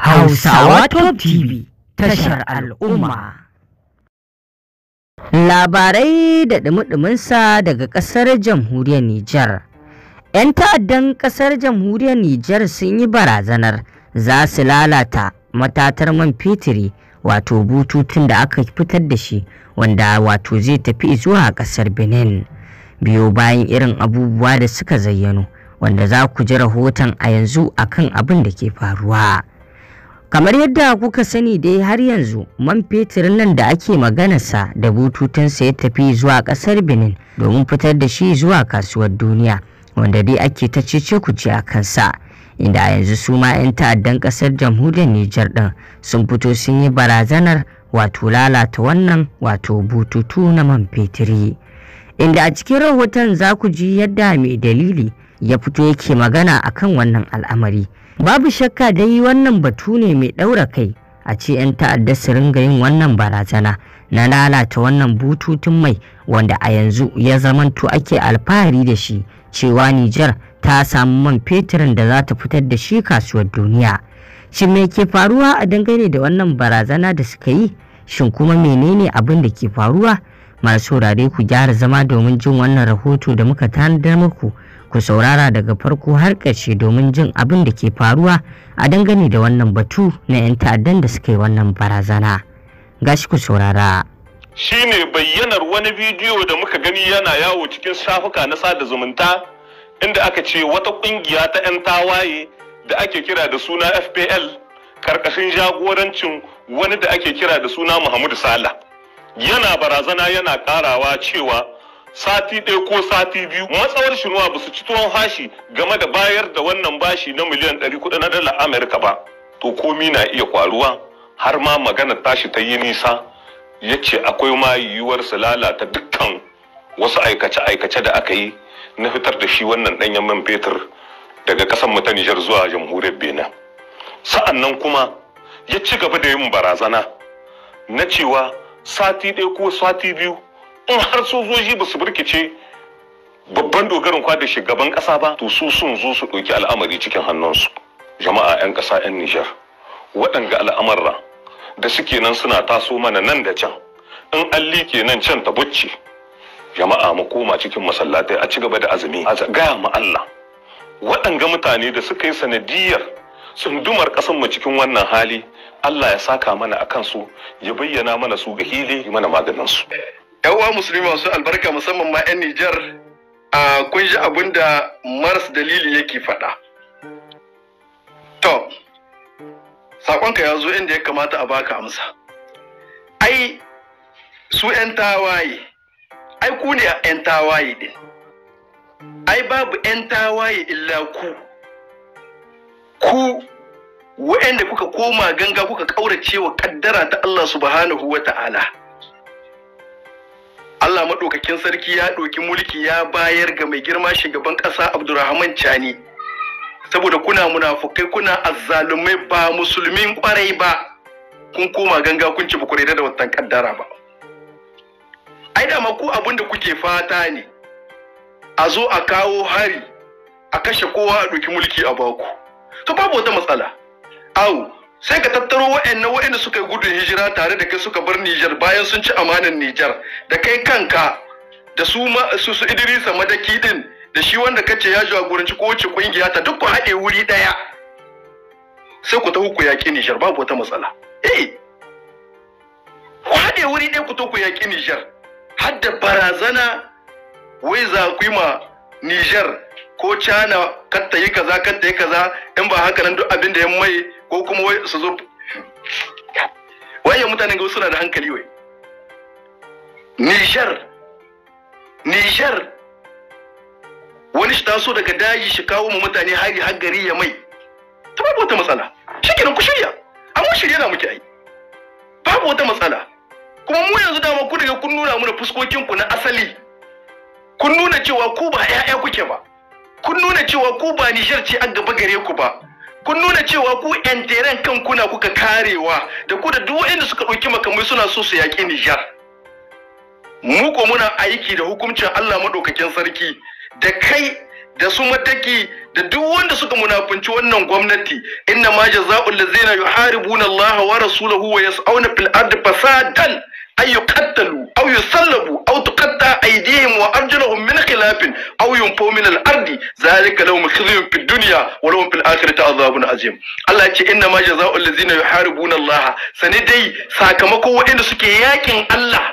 Hausawa Top TV tashar al'umma. Labarai da ɗumi-ɗuminsa daga ƙasar jamhuriyar Nijar. 'Yan ta'addan ƙasar jamhuriyar Nijar sun yi barazanar za su lalata matatar man fetiri wato bututun da aka fitar da shi wanda wato zai tafi zuwa ƙasar Benin. Biyo bayan irin abubuwa da suka zayyano wanda za ku ji rahoton a yanzu akan abin da ke faruwa. Kamar yadda kuka sani dai har yanzu man fetur nan da ake maganarsa da bututunsa ya tafi zuwa ƙasar Benin domin fitar da shi zuwa kasuwar duniya wanda dai ake ta cece kuce a kansa. Inda a yanzu su ma 'yan ta'addan ƙasar jamhuriyar Nijar ɗin sun fito sun yi barazanar wato lalata wannan wato bututu na man fetiri. Inda a cikin rahoton za ku ji yadda mai dalili ya fito yake magana akan wannan al'amari. babu shakka dai wannan batu ne mai ɗaura kai a ce 'yan ta'adda su ringa yin wannan barazana na lalata wannan bututun mai wanda a yanzu ya zamanto ake alfahari da shi cewa Nijar ta samu man fetirin da za ta fitar da shi kasuwar duniya. Shin me ke faruwa a dangane da wannan barazana da suka yi? Shin kuma menene abin da ke faruwa? Masu saurare ku gyara zama domin jin wannan rahoto da muka tanadar muku. ku saurara daga farko har ƙarshe domin jin abin da ke faruwa a dangane da wannan batu na 'yan ta'addan da suka yi wannan barazana gashi ku saurara Shi shine bayyanar wani bidiyo da muka gani yana yawo cikin shafuka na sada zumunta inda aka ce wata ƙungiya ta 'yan tawaye da ake kira da suna fpl karkashin jagorancin wani da ake kira da suna muhammadu sala yana barazana yana karawa cewa sati ɗaya ko sati biyu matsawar shinuwa ba su ci tuwon hashi game da bayar da wannan bashi na miliyan ɗari kuɗi na dala amurka ba to komi na iya kwaruwa har ma magana tashi ta yi nisa ya ce akwai ma yiwuwar su lalata dukkan wasu aikace-aikace da aka yi na fitar da shi wannan ɗanyen man fetur daga ƙasar mu ta Nijar zuwa jamhuriyar Benin. Sa'an nan kuma ya ci gaba da yin barazana na cewa sati ɗaya ko sati biyu in har sojoji ba su birkice babban dogarin kwa da shugaban kasa ba to su sun zo su ɗauki al'amari cikin hannunsu jama'a 'yan ƙasa 'yan nijar waɗanga al'amarra da suke nan suna taso mana nan da can in alli ke nan can ta bucce jama'a mu koma cikin masallatai a ci gaba da azumi a gaya mu Allah waɗanga mutane da suka yi sanadiyar tsundumar ƙasar mu cikin wannan hali Allah ya saka mana a kansu ya bayyana mana su ga hili mana maganin su yawa musulmi masu albarka musamman ma 'yan Nijar a kun ji abin da maras dalili yake faɗa. To, saƙonka ya zo inda ya kamata a baka amsa. Ai, su 'yan tawaye, ai ku ne 'yan tawaye din. Ai babu 'yan tawaye illa ku. Ku da kuka koma ganga kuka ƙaurace wa kaddara ta Allah subhanahu wa ta'ala. Allah maɗaukakin sarki ya ɗauki mulki ya bayar ga mai girma shugaban ƙasa Abdurrahman Chani. Saboda kuna munafukai kuna azzalumai ba musulmi kwarai ba kun koma ganga kun ci bukure da wannan kaddara ba. Ai da ku abin da kuke fata ne a zo a kawo hari a kashe kowa a ɗauki mulki a baku. To babu wata matsala. Au, sai ka tattaro wa'annan wa'anda suka yi gudun hijira tare da kai suka bar Nijar bayan sun ci amanan Nijar da kai kanka da su su su Idrisa madaki din da shi wanda kace ya jagoranci kowace kungiya ta duk ku haɗe wuri ɗaya sai ku ta ku yaƙi Nijar babu wata matsala eh ku haɗe wuri ɗaya ku to ku yaƙi Nijar har da barazana wai za ku yi ma Nijar ko Cana katta yi kaza katta yi kaza in ba haka nan duk abin da ya mai ko kuma wai su zo waye mutanen ga suna da hankali wai Nijar Nijar wani shi taso daga daji shi kawo mu mutane hari har gari ya mai ta babu wata matsala kenan ku shirya amma shirya na muke ai babu wata matsala kuma mu yanzu dama ku daga kun nuna mana fuskokin ku na asali kun nuna cewa ku ba ƴaƴa kuke ba kun nuna cewa ku ba Nijar ce an gaba gare ku ba kun nuna cewa ku enteren kan kuna kuka karewa da ku da duk inda suka ɗauki makamai suna so su yaƙi Nijar. Mu ko muna aiki da hukuncin Allah maɗaukakin sarki da kai da su mataki da duk wanda suka munafunci wannan gwamnati inna ma jaza'ul ladzina yuharibuna Allah wa rasulahu wa yas'auna fil ardi fasadan ay yuqattalu aw yusallabu aw tuqatta aydihim wa arjuluhum min khilafin aw yunfaw min al-ardi zalika lahum khizyun fid dunya wa lahum fil akhirati adhabun azim Allah ya ce inna ma jazaa'u allazina yuharibuna Allah sani dai sakamako waɗanda suke yakin Allah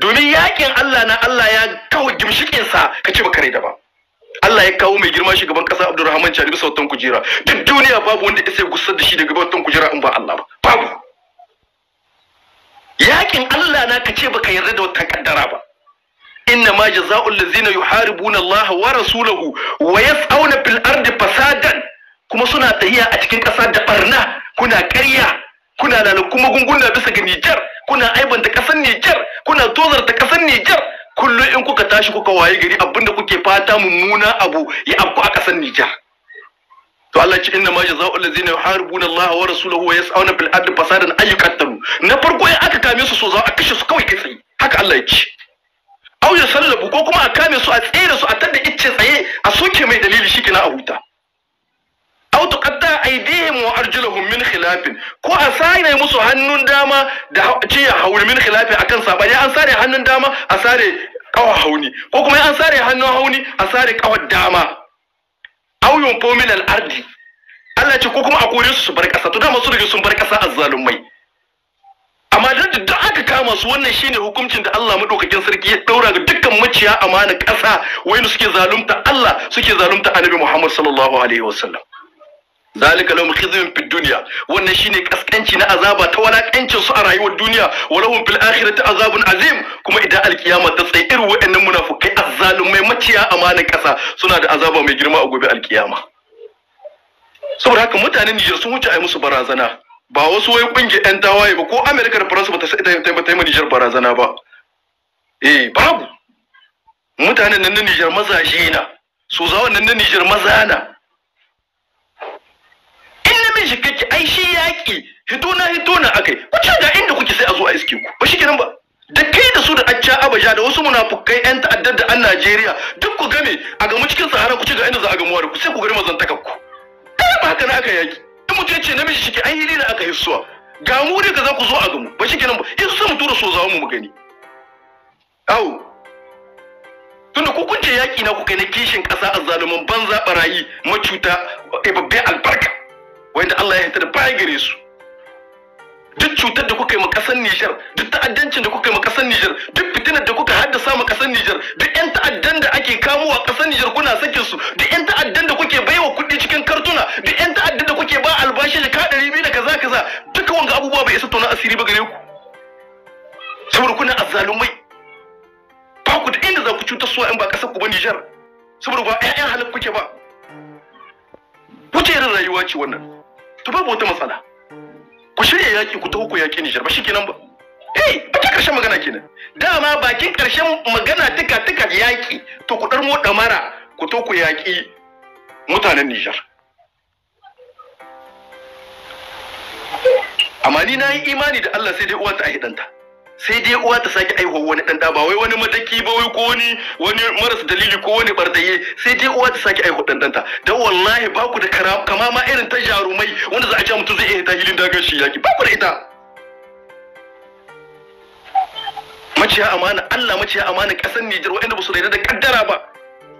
domin yakin Allah na Allah ya kawo gimshikinsa ka ce baka da ba Allah ya kawo mai girma shugaban kasa Abdulrahman Chani bisa watan kujera duk duniya babu wanda ya sai gusar da shi daga watan kujera in ba Allah ba haƙƙin Allah na ka ce baka yarda da wata kaddara ba inna ma jazaa'ul ladzina yuharibuna Allah wa rasulahu wa yas'auna fil ardi fasadan kuma suna tahiya a cikin ƙasa da barna kuna ƙarya kuna kuma magunguna bisa ga Nijar kuna aibanta ƙasar Nijar kuna tozarta ƙasar Nijar kullum in kuka tashi kuka waye gari abinda kuke fata mummuna abu ya afku a ƙasar Nijar to Allah ce inna ma jazaa'ul ladzina yuharibuna Allah wa rasulahu wa yas'una fil ardi fasadan ay yuqattalu na farko in aka kame su so za a kashe su kawai kai tsaye haka Allah ya ce aw sallabu ko kuma a kame su a tsere su a tadda icce tsaye a soke mai dalili shikenan a huta aw tuqatta aydihim wa arjuluhum min khilafin ko a sare musu hannun dama da ciya hauri min khilafin akan sabani an sare hannun dama a sare kawa hauni ko kuma an sare hannun hauni a sare kawar dama aw fominal min al-ardi Allah ce ko kuma a kore su bar kasa to dama su rige sun bar kasa azzalumai amma da duk aka kama su wannan shine hukuncin da Allah madaukakin sarki ya daura ga dukkan maciya amana kasa wayin suke zalunta Allah suke zalunta Annabi Muhammad sallallahu alaihi wasallam zalika lahum khizyun fid dunya wannan ne kaskanci na azaba ta walakancin su a rayuwar duniya wa lahum fil akhirati azim kuma idan alkiyama ta tsaye irin wa'annan munafukai azzalumai maciya amanar kasa suna da azaba mai girma a gobe alkiyama saboda haka mutanen Niger sun wuce a musu barazana ba wasu wai kungiyar yan tawaye ba ko America da France ba ta ta barazana ba eh mutanen nan mazaje na su nan maza na ki shiga ki ai shi yaƙi hito na hito na akai ku ce da inda kuke sai a zo a iske ku ba shi kenan ba da kai da su da acca abaja da wasu munafukai yan ta'addar da an Najeriya duk ku game a gamu cikin sahara ku ci ga inda za a gamuwa da ku sai ku gari mazan takakku kai ba haka na aka yaki in mutum ya ce namiji shi ke an hili na aka hissuwa ga mu ne ka za ku zo a gamu ba shi kenan ba in sai mu tura so za mu gani au tunda ku kun yaki na ku kai na kishin kasa eh, a zaluman banza barayi macuta al. ta da baya gare su duk cutar da kuka yi ma kasar Nijar duk ta'addancin da kuka yi ma kasar Nijar duk fitinar da kuka haddasa ma kasar Nijar duk yan ta'addan da ake kamo a kasar Nijar kuna sakin su duk yan ta'addan da kuke baiwa kuɗi cikin kartuna duk yan ta'addan da kuke ba albashi da ka ɗari biyu da kaza kaza duka wanga abubuwa bai isa tona asiri ba gare ku saboda kuna azzalumai ba ku da inda za ku cutar suwa in ba kasar ku ba Nijar saboda ba ƴaƴan halak kuke ba wuce irin rayuwa ce wannan to babu wata matsala ku shirya yaki ku taho ku yaki Nijar ba shikenan ba hey bakin karshen magana kenan dama bakin karshen magana tuka tuka yaki to ku dar mu damara ku taho ku yaki mutanen Nijar amma ni na yi imani da Allah sai dai uwanta a hidanta sai dai uwa ta sake aihuwa wani dan da ba wai wani mataki ba wai ko wani wani maras dalili ko wani bardaye sai dai uwa ta sake aihuwa dan danta Da wallahi ba ku da kama ma irin ta jarumai wanda za a ce mutum zai iya tahilin hilin dagar shi yaki ba ku da ita maciya amana Allah maciya amana kasar Niger, wa'anda ba su da kaddara ba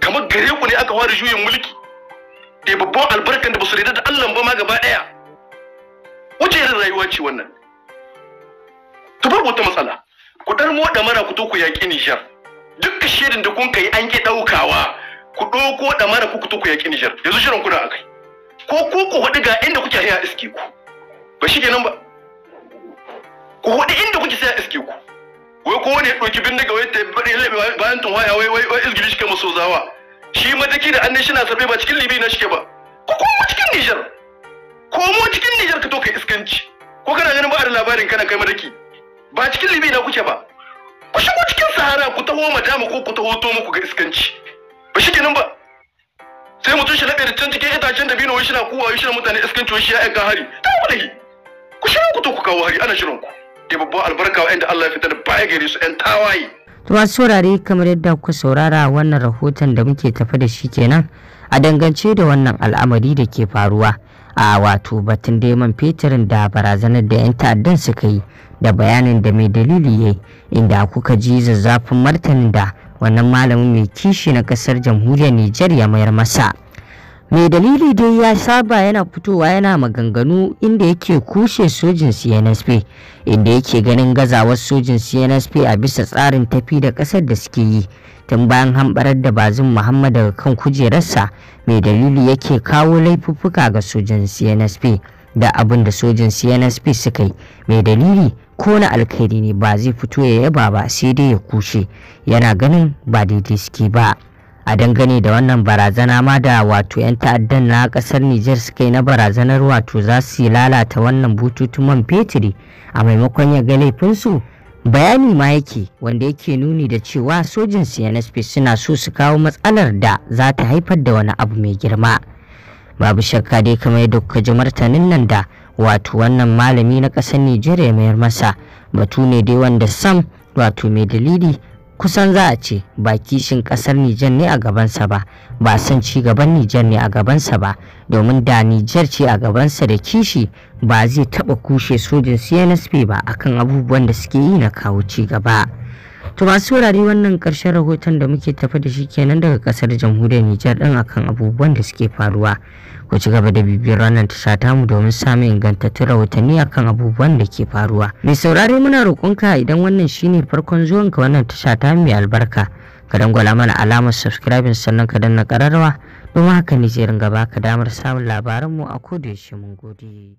kamar gare ku ne aka fara juyin mulki da eh, babban albarkan da ba su da Allah ba ma gaba daya wace da rayuwa ce wannan to babu wata matsala ku dar da mara ku to ku yaƙi Nijar duk shirin da kun kai an ke ɗaukawa ku doko da mara ku to ku yaƙi Nijar yanzu shirin kuna akai ko ku ku hudu ga inda kuke haya iske ku ba shi nan ba ku hudu inda kuke saya iske ku wai ko wani ya ɗauki daga wai ta bari bayan tun waya wai wai isgiri shi maso zawa shi mataki da annashi na sarfe ba cikin libi na shike ba ku komo cikin Nijar komo cikin Nijar ka to kai iskanci ko kana ganin ba da labarin kana kai madaki ba cikin libi na kuke ba ku shigo cikin sahara ku taho madama ko ku taho to muku ga iskanci ba shi kenan ba sai mutum shi laɓe da can cikin itacen da bino wai na kuwa shi na mutane iskanci shi ya aika hari ta walahi ku shirin ku to ku kawo hari ana shirin ku da babban albarka wa'anda Allah ya fitar da baya gare su 'yan tawaye To masu saurare kamar yadda ku saurara wannan rahoton da muke tafi da shi kenan a dangance da wannan al'amari da ke faruwa a wato batun daiman fetirin da barazanar da 'yan ta'addan suka yi da bayanin da mai dalili ya inda kuka ji zazzafin martanin da wannan malamin mai kishi na kasar jamhuriyar Nijar ya mayar masa. Mai dalili dai ya saba yana fitowa yana maganganu inda yake kushe sojin CNSP inda yake ganin gazawar sojin CNSP a bisa tsarin tafi da kasar da suke yi tun bayan hambarar da bazin Muhammad daga kan kujerarsa mai dalili yake kawo laifuffuka ga sojin CNSP da abin da sojin CNSP suka yi mai dalili ko na alkhairi ne ba zai fito ya yaba ba sai dai ya kushe yana ganin ba daidai suke ba a dangane da wannan barazana ma da wato 'yan ta'addan na kasar Nijar suka yi na barazanar wato za su lalata wannan bututun man fetiri a maimakon ya ga laifinsu bayani ma yake wanda yake nuni da cewa sojin CNSP suna so su kawo matsalar da za ta haifar da wani abu mai girma babu shakka dai kamar yadda kuka ji martanin nan da wato wannan malami na ƙasar Nijar ya mayar masa batu ne dai wanda sam wato mai dalili kusan za a ce ba kishin kasar Nijar ne a gabansa ba ba san ci gaban Nijar ne a gabansa ba domin da Nijar ce a gabansa da kishi ba zai taba kushe sojin CNSP ba akan abubuwan da suke yi na kawo ci gaba To masu wurare wannan ƙarshen rahoton da muke tafi da shi kenan daga ƙasar jamhuriyar Nijar ɗin akan abubuwan da suke faruwa. Ku ci gaba da bibiyar wannan tasha tamu domin samun ingantattun rahotanni akan abubuwan da ke faruwa. Mai saurari muna roƙonka idan wannan shine farkon zuwan ka wannan tasha tamu mai albarka. Ka dangwala mana alamar subscribing sannan ka danna ƙararrawa domin haka ne zai ringa baka damar samun labaranmu a kodayaushe mun gode.